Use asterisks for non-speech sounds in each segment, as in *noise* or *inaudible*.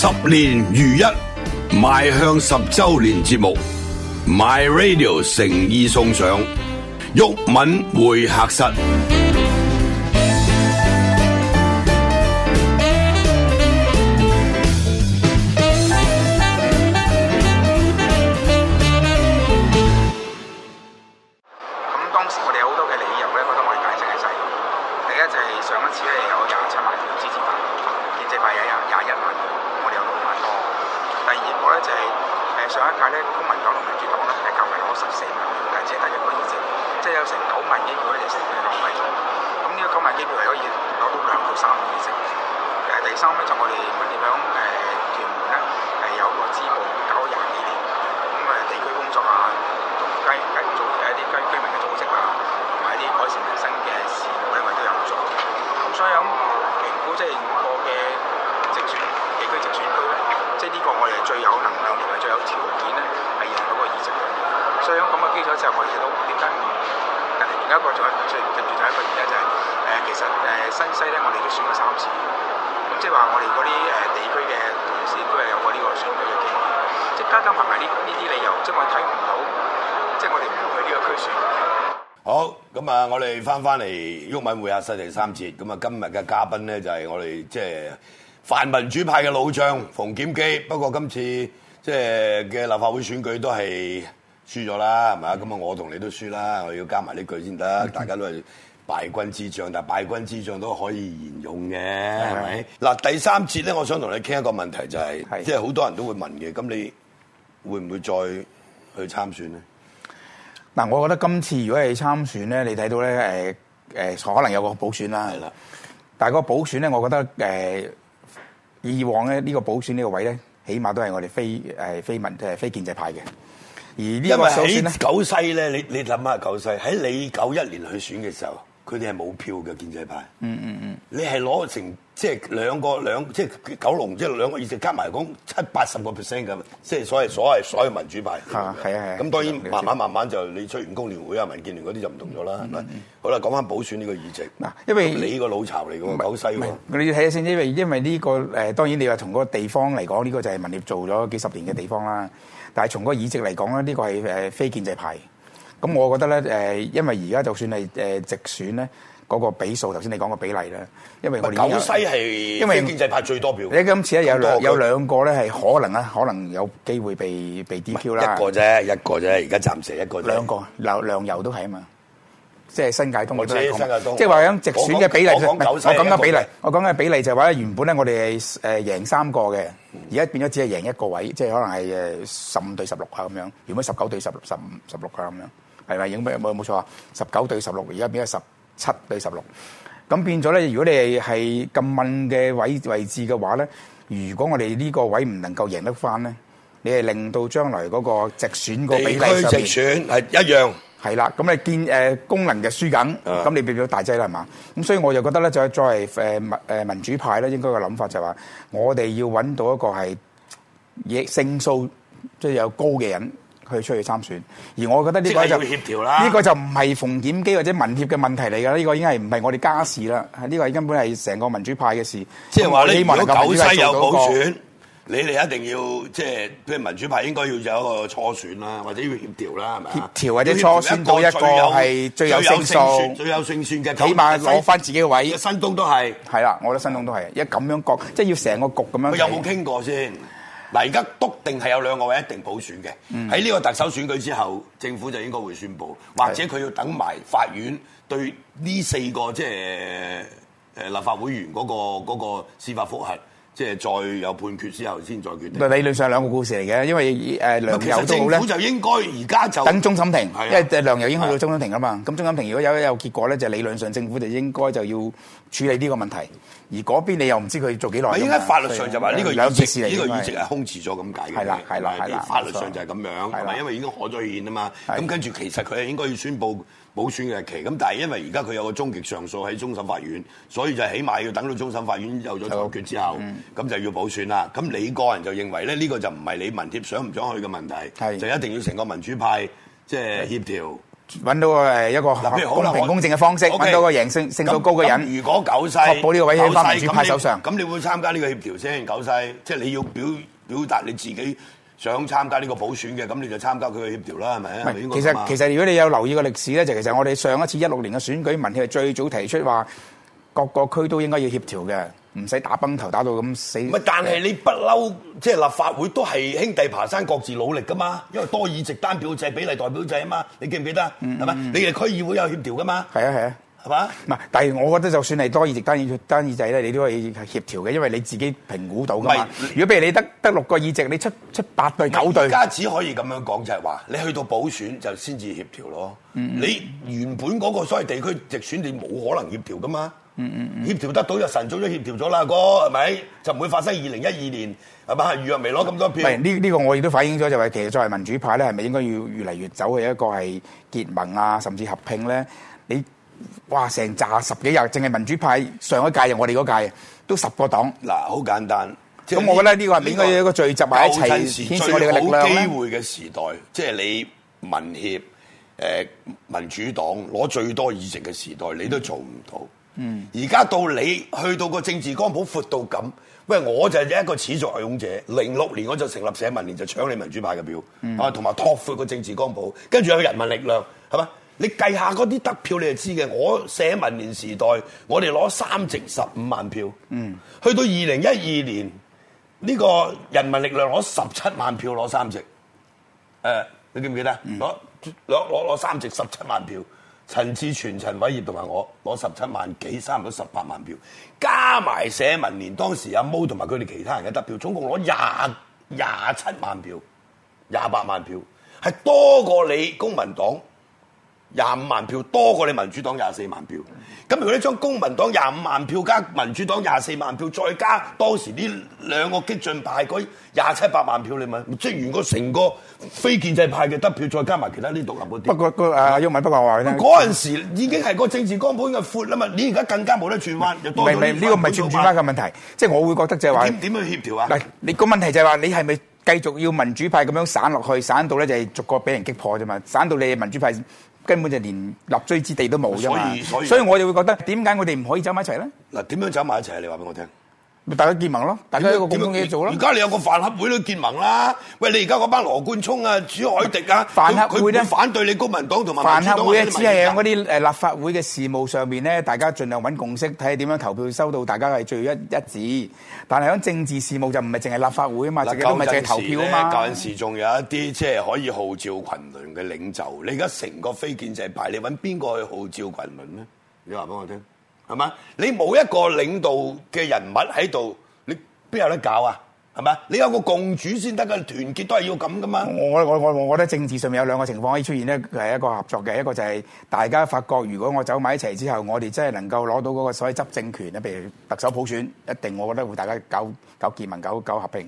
十年如一，邁向十周年節目，My Radio 誠意送上，毓民會客室。咁之後我睇到點解？跟住而家過咗一，再跟住就一個原因就係誒，其實誒新西咧，我哋都選咗三次。咁即係話我哋嗰啲誒地區嘅同事都係有過呢個選舉嘅經驗，即係加加埋埋呢呢啲理由，即係我哋睇唔到，即係我哋唔去呢個區選。好，咁啊，我哋翻返嚟毓民會客室第三節。咁啊，今日嘅嘉賓咧就係我哋即係泛民主派嘅老將馮檢基。不過今次即係嘅立法會選舉都係。輸咗啦，係嘛？咁啊，我同你都輸啦，我要加埋呢句先得。大家都係敗軍之將，但係敗軍之將都可以言勇嘅，係咪是的 吧？嗱，第三節咧，我想同你傾一個問題，就係、是、是的 即係好多人都會問嘅。咁你會唔會再去參選咧？嗱，我覺得今次如果係參選咧，你睇到咧，可能有個補選啦，係啦。但係嗰個補選咧，我覺得誒，以往咧呢個補選呢個位咧，起碼都係我哋非非民非建制派嘅。而呢因為喺九西咧，你你諗下九西，喺你九一年去選嘅時候，佢哋係冇票嘅建制派。嗯嗯嗯，嗯你係攞成即係兩個兩即係九龍即係兩個議席加埋講七八十個 percent 嘅，即係所謂、嗯、所謂所謂民主派。嚇啊係啊，咁、啊啊、當然、啊啊、慢慢慢慢就你出完工聯會啊、民建聯嗰啲就唔同咗啦。係咪、嗯？嗎好啦，講翻補選呢個議席。嗱，因為你、這、呢個老巢嚟嘅九西喎。你要睇下先，因為因為呢個誒，當然你話從嗰個地方嚟講，呢、這個就係民協做咗幾十年嘅地方啦。但係從個議席嚟講咧，呢個係誒非建制派。咁我覺得咧誒，因為而家就算係誒直選咧，嗰個比數頭先你講個比例咧，因為我哋九西係因為建制派最多票。你今次咧有有兩個咧係可能啊，可能有機會被被 DQ 啦，一個啫，一個啫，而家暫時一個。兩個，梁梁游都係啊嘛。即係新界東都係咁，即係話咁直選嘅比例，我講緊比例，我講緊比例就係話咧，原本咧我哋係誒贏三個嘅，而家變咗只係贏一個位，即係可能係誒十五對十六啊咁樣，原本十九對十六十五十六啊咁樣，係咪？冇冇冇錯啊，十九對十六，而家變咗十七對十六，咁變咗咧，如果你係係咁問嘅位位置嘅話咧，如果我哋呢個位唔能夠贏得翻咧，你係令到將來嗰個直選個比例上，直選係一樣。係啦，咁你建誒功能嘅書梗，咁你變咗大劑啦，係嘛？咁所以我就覺得咧，就係作為誒民誒民主派咧，應該個諗法就係話，我哋要揾到一個係野勝數，即係有高嘅人去出去參選。而我覺得呢個就，協調啦，呢個就唔係馮檢基或者民協嘅問題嚟㗎啦，呢個應該係唔係我哋家事啦，係呢個根本係成個民主派嘅事。即係話呢個九西有補選。你哋一定要即係譬如民主派應該要有一個初選啦，或者要協調啦，係咪協調或者初選到一個係最，最，最有勝算，最有勝算嘅，起碼攞翻自己嘅位。新東都係係啦，我覺得新東都係一咁樣局，即係要成個局咁樣，就是。佢有冇傾過先？嗱，而家篤定係有兩個位一定補選嘅。喺呢個特首選舉之後，政府就應該會宣布，或者佢要等埋法院對呢四個即係，就是、立法會員嗰、那個那個司法覆核。即係再有判決之後，先再決定。理論上兩個故事嚟嘅，因為誒梁尤都好咧。政府就應該而家就等終審庭，因為梁又已經去到終審庭啊嘛。咁終審庭如果有有結果咧，就理論上政府就應該就要處理呢個問題。而嗰邊你又唔知佢做幾耐。應該法律上就話呢個議席，呢個議席係空置咗咁解嘅。係啦，係啦，係啦。法律上就係咁樣，係咪因為已經可咗現啊嘛？咁跟住其實佢係應該要宣佈補選嘅日期。咁但係因為而家佢有個終極上訴喺終審法院，所以就起碼要等到終審法院有咗判決之後。咁就要補選啦。咁你個人就認為咧，呢、這個就唔係你民協想唔想去嘅問題，是就一定要成個民主派即係、就是、協調，搵到誒一個好公平公正嘅方式，搵、okay, 到一個贏性性到高嘅人。如果九西確保呢個位喺民主派手上，咁你，你會參加呢個協調先？九西，即、就、係、是、你要表表達你自己想參加呢個補選嘅，咁你就參加佢嘅協調啦，係咪啊？其實是是其實如果你有留意個歷史咧，就其實我哋上一次一六年嘅選舉，民協係最早提出話，各個區都應該要協調嘅。唔使打崩頭，打到咁死。唔係，但係你不嬲，即係立法會都係兄弟爬山，各自努力噶嘛。因為多議席單票制、比例代表制啊嘛，你記唔記得？係咪、嗯嗯？你係區議會有協調噶嘛？係啊，係啊。係嘛？唔係，但係我覺得就算係多議席、單議單議席咧，你都可以係協調嘅，因為你自己評估到㗎嘛。是如果譬如你得得六個議席，你出出八對、是九對，而家只可以咁樣講就係、是、話，你去到補選就先至協調咯。嗯嗯，你原本嗰個所謂地區直選，你冇可能協調㗎嘛。嗯嗯嗯，協調得到就神早都協調咗啦，哥係咪？就唔會發生二零一二年，係咪如若未攞咁多票？呢呢、這個我亦都反映咗，就係、是、其實作為民主派咧，係咪應該要越嚟越走去一個係結盟啊，甚至合拼咧？的你哇！成炸十幾日，淨係民主派上一屆又我哋嗰屆，都十個黨嗱，好簡單。咁我覺得呢個係應該一個聚集埋一齊，好機會嘅時代。即係你民協誒、呃、民主黨攞最多議席嘅時代，你都做唔到。嗯，而家到你去到個政治光譜闊到咁，喂，我就係一個始作俑者。零六年我就成立社民連，就搶你民主派嘅票，啊、嗯，同埋拓闊個政治光譜，跟住有人民力量，係嘛？你計下嗰啲得票，你就知嘅。我社民連時代，我哋攞三席十五萬票。嗯，去到二零一二年，呢、這個人民力量攞十七萬票，攞三席。誒、呃，你記唔記得？攞攞攞攞三席十七萬票。陳志全、陳偉業同埋我攞十七萬幾，差唔多十八萬票。加埋社民連當時阿毛同埋佢哋其他人嘅得票，總共攞廿廿七萬票，廿八萬票，係多過你公民黨。廿五萬票多過你民主黨廿四萬票，咁如果你將公民黨廿五萬票加民主黨廿四萬票，再加當時呢兩個激進派嗰廿七百萬票，你問即係如果成個非建制派嘅得票，再加埋其他呢獨立嘅、啊嗎，不過個阿英偉不過話你聽，嗰陣時已經係個政治光譜嘅闊啦嘛，你而家更加冇得轉彎，又多咗。唔呢、呢個唔係轉轉彎嘅問題，即係嗎我會覺得就係話點點去協調啊？嗱，你個問題就係話你係咪繼續要民主派咁樣散落去，散到咧就係逐個俾人擊破啫嘛，散到你的民主派。根本就連立錐之地都冇啫嘛，所以，所，以所以我就會覺得點解我哋唔可以走埋一齊咧？嗱，點樣走埋一齊？你話俾我聽。大家結盟咯，大家一個共同嘢做咯。而家你有個飯盒會都結盟啦。喂，你而家嗰班羅冠聰啊、朱凱迪啊，飯盒會咧，反對你公民黨同埋飯盒會咧，只係喺嗰啲誒立法會嘅事務上面咧，大家盡量揾共識，睇下點樣投票收到，大家係最一一致。但係喺政治事務就唔係淨係立法會啊嘛，就係投票啊嘛。舊陣時，仲有一啲即係可以號召群倫嘅領袖。你而家成個非建制派，你揾邊個去號召群倫咧？你話俾我聽。係嘛？你冇一個領導嘅人物喺度，你邊有得搞啊？係嘛？你有個共主先得㗎，團結都係要咁噶嘛？我我我我覺得政治上面有兩個情況可以出現呢係一個合作嘅，一個就係大家發覺如果我走埋一齊之後，我哋真係能夠攞到嗰個所謂執政權咧，譬如特首普選，一定我覺得會大家會搞搞結盟、搞搞合併。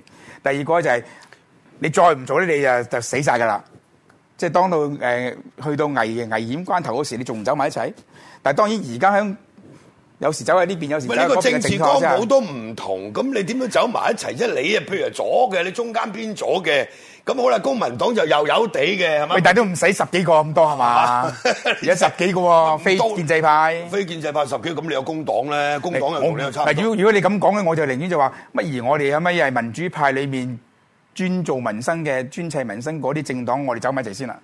第二個就係、是、你再唔做咧，你就死了就死晒噶啦！即係當到誒、呃、去到危危險關頭嗰時，你仲唔走埋一齊？但係當然而家響。有時走喺呢邊，有時唔係，呢個政治光譜都唔同，咁你點樣走埋一齊啫？你啊，譬如左嘅，你中間偏左嘅，咁好啦。公民黨就又有地嘅，係嘛？但都唔使十幾個咁多，係嘛？而家，啊、十幾個喎，非建制派，非建制派十幾個，咁你有工黨咧？工黨又唔想差。如果你咁講嘅，我就寧願就話乜而我哋係咪係民主派裏面專做民生嘅，專砌民生嗰啲政黨，我哋走埋一齊先啦。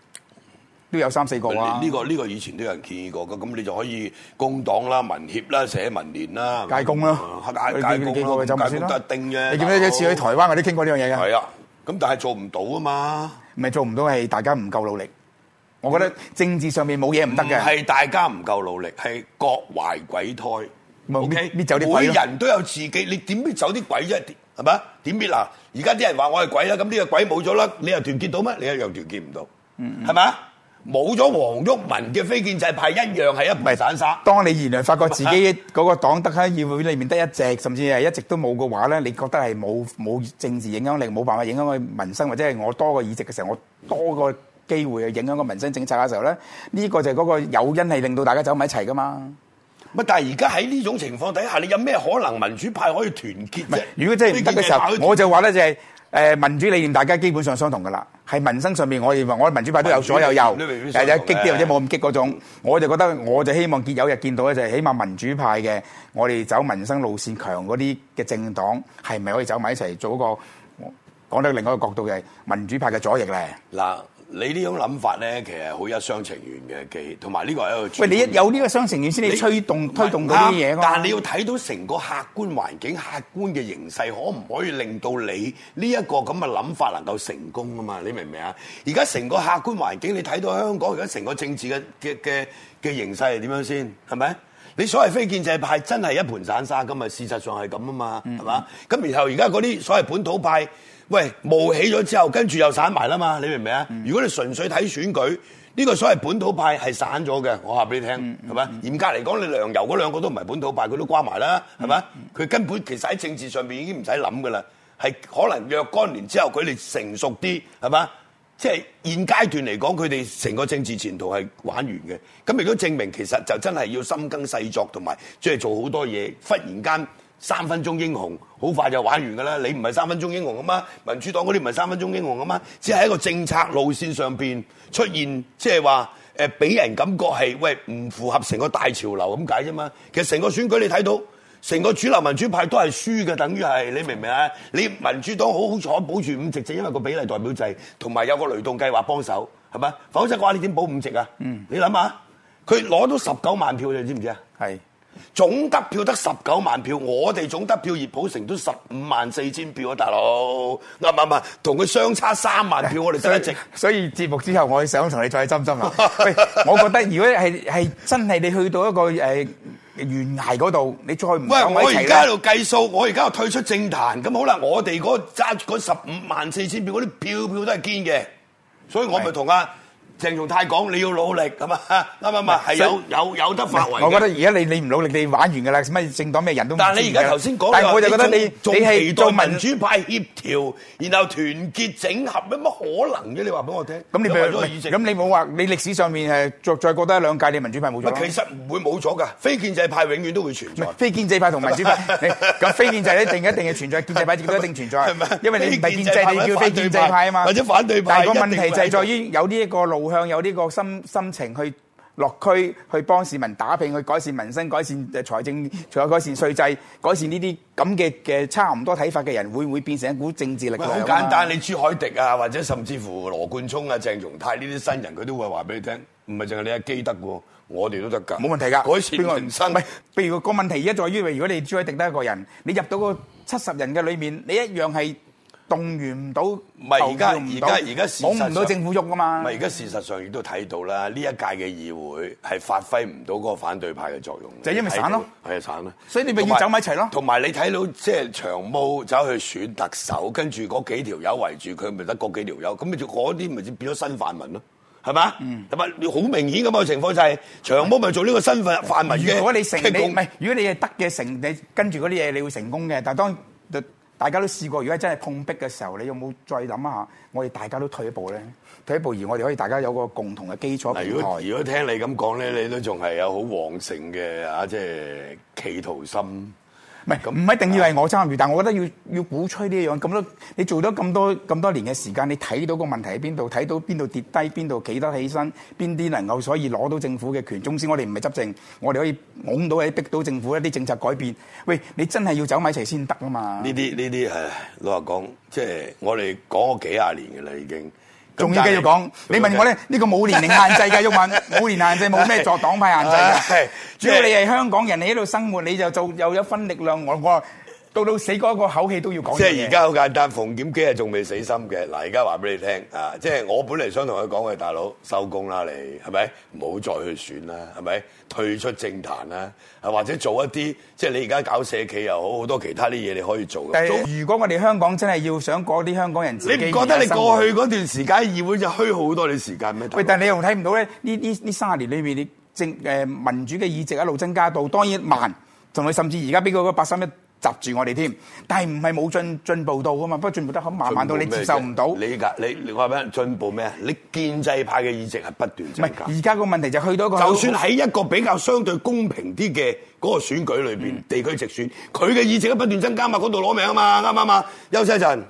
都有三四個啊！呢個呢個以前都有人建議過噶，咁你就可以工黨啦、民協啦、社民聯啦，街工啦，街工咯，街工都係定嘅。你記得一次去台灣，我哋傾過呢樣嘢嘅。係啊，咁但係做唔到啊嘛，唔係做唔到係大家唔夠努力。我覺得政治上面冇嘢唔得嘅，係大家唔夠努力，係各懷鬼胎。OK，搣走啲鬼咯，每人都有自己，你點搣走啲鬼一啲係咪？點搣啊？而家啲人話我係鬼啦，咁呢個鬼冇咗啦，你又團結到咩？你一樣團結唔到，係咪？冇咗黃毓民嘅非建制派，樣一樣係一盤散沙。當你原來發覺自己嗰個黨得喺議會裏面得一隻， *laughs* 甚至係一直都冇嘅話咧，你覺得係冇冇政治影響力，冇辦法影響佢民生，或者係我多個議席嘅時候，我多個機會去影響個民生政策嘅時候咧，呢、這個就係嗰個有因係令到大家走埋一齊噶嘛。唔但係而家喺呢種情況底下，你有咩可能民主派可以團結啫？如果真係唔得嘅時候，我就話咧就係、是。誒民主理念大家基本上相同噶啦，喺民生上面，我認為我哋民主派都有左有右，右，主有，有，有激啲或者冇咁激嗰種，我就覺得我就希望結有日見到咧就係、是、起碼民主派嘅，我哋走民生路線強嗰啲嘅政黨係咪可以走埋一齊做一個？講到另外一個角度嘅、就是、民主派嘅左翼咧嗱。你呢種諗法咧，其實好一廂情願嘅，同埋呢個係一個。喂，你一有呢個一廂情願先，你推動你推動啲嘢。但係你要睇到成個客觀環境、客觀嘅形勢，可唔可以令到你呢一個咁嘅諗法能夠成功啊？嘛，你明唔明啊？而家成個客觀環境，你睇到香港而家成個政治嘅嘅嘅嘅形勢係點樣先？係咪？你所謂非建制派真係一盤散沙，咁啊事實上係咁啊嘛，係嘛？咁、嗯、然後而家嗰啲所謂本土派。喂，冒起咗之後，跟住又散埋啦嘛，你明唔明啊？嗯、如果你純粹睇選舉，呢、呢個所謂本土派係散咗嘅，我話俾你聽，係咪、嗯？嚴、嗯、吧、格嚟講，你梁游嗰兩個都唔係本土派，佢都瓜埋啦，係咪？佢、嗯嗯、根本其實喺政治上面已經唔使諗噶啦，係可能若干年之後佢哋成熟啲，係咪？即、就、係、是、現階段嚟講，佢哋成個政治前途係玩完嘅。咁亦都證明其實就真係要深耕細作同埋，即係做好多嘢，忽然間。三分鐘英雄，好快就玩完噶啦！你唔係三分鐘英雄啊嘛？民主黨嗰啲唔係三分鐘英雄啊嘛？只係喺個政策路線上邊出現，即係話誒俾人感覺係喂唔符合成個大潮流咁解啫嘛。其實成個選舉你睇到，成個主流民主派都係輸嘅，等於係你明唔明啊？你民主黨好好彩保住五席，就因為個比例代表制同埋有，有個雷動計劃幫手，係咪？否則嘅話你點保五席啊？嗯，你想想，你諗下，佢攞到十九萬票你知唔知啊？係。總得票得十九萬票，我哋總得票葉寶成都十五萬四千票啊，大佬，唔啱啊？同佢相差三萬票，我哋一以所以節目之後，我想同你再斟斟啊。喂，我覺得如果係係真係你去到一個誒懸、呃、崖嗰度，你再唔夠米喂，我而家喺度計數，我而家又退出政壇，咁好啦，我哋嗰揸住十五萬四千票，嗰啲票票都係堅嘅，所以我咪同阿。鄭容泰講你要努力咁啊，啱唔啱？係有有有得發圍，我覺得而家你你唔努力，你玩完㗎啦！乜政黨咩人都。但係你而家頭先講但我就覺得你你係做民主派協調，然後團結整合，乜乜可能嘅？你話俾我聽。咁你咪咁你冇話你歷史上面係再再過多一兩屆，你民主派冇咗。其實唔會冇咗㗎，非建制派永遠都會存在。非建制派同民主派，咁非建制一定一定係存在，建制派亦都一定存在，因為你唔係建制，你叫非建制派啊嘛。或者反對派。但係個問題就係在於有呢一個路。向有呢個心心情去落區去幫市民打拼，去改善民生、改善財政，仲有改善稅制、改善呢啲咁嘅嘅差唔多睇法嘅人，會唔會變成一股政治力量？好簡單，樣你朱凱廸啊，或者甚至乎羅冠聰啊、鄭松泰呢啲新人，佢都會話俾你聽，唔係淨係你阿基得喎，我哋都得噶。冇問題噶，改善人生。譬如個問題而家在於，如果你朱凱廸得一個人，你入到個七十人嘅裏面，你一樣係。動員唔到，唔係而家，而家而家事唔到政府喐㗎嘛。唔係而家事實上亦都睇到啦，呢一屆嘅議會係發揮唔到嗰個反對派嘅作用。就係因為散咯，係散啦。所以你咪要走埋一齊咯。同埋你睇到即係長毛走去選特首，跟住嗰幾條友圍住佢，咪得嗰幾條友。咁你就嗰啲咪變咗新泛民咯，係咪？係咪？你好明顯咁嘅情況就係長毛咪做呢個新泛泛民嘅。如果你成功，唔係如果你係得嘅成，你跟住嗰啲嘢，你會成功嘅。但係當。大家都試過，如果真係碰壁嘅時候，你有冇再諗下？我哋大家都退一步咧，退一步而我哋可以大家有個共同嘅基礎，如果如果聽你咁講咧，你都仲係有好旺盛嘅啊，即係企圖心。唔係唔一定要係我參與，但我覺得要要鼓吹呢樣咁多。你做咗咁多咁多年嘅時間，你睇到個問題喺邊度，睇到邊度跌低，邊度企得起身，邊啲能夠可以攞到政府嘅權，總之我哋唔係執政，我哋可以拱到佢逼到政府一啲政策改變。喂，你真係要走埋一齊先得啊嘛！呢啲呢啲係老實講，即係我哋嗰幾廿年嘅啦，已經。仲要繼續講，你問我咧，呢個冇年齡限制㗎，毓民，冇年齡限制，冇咩做黨派限制㗎， *laughs* 主要你係香港人，你喺度生活，你就做有一分力量，我做到死嗰個口氣都要講。即係而家好簡單，馮檢基係仲未死心嘅。嗱，而家話俾你聽啊，即係我本嚟想同佢講嘅，大佬收工啦，你係咪唔好再去選啦，係咪退出政壇啦？啊，或者做一啲即係你而家搞社企又好，好多其他啲嘢你可以做。但如果我哋香港真係要想過啲香港人你唔你覺得你過去嗰段時間議會就虛好多你時間咩？喂，但你又睇唔到咧？呢呢呢三十年裏面，你政民主嘅議席一路增加到，當然慢，同埋甚至而家畀佢個八三一。集住我哋添，但係唔係冇進進步到㗎嘛？不過進步得好慢慢到你接受唔到。你噶你我話俾人進步咩？你建制派嘅議席係不斷增加。而家個問題就去到一個，就算喺一個比較相對公平啲嘅嗰個選舉裏面，嗯、地區直選，佢嘅議席都不斷增加嘛？嗰度攞名嘛？啱唔啱嘛？休息一陣。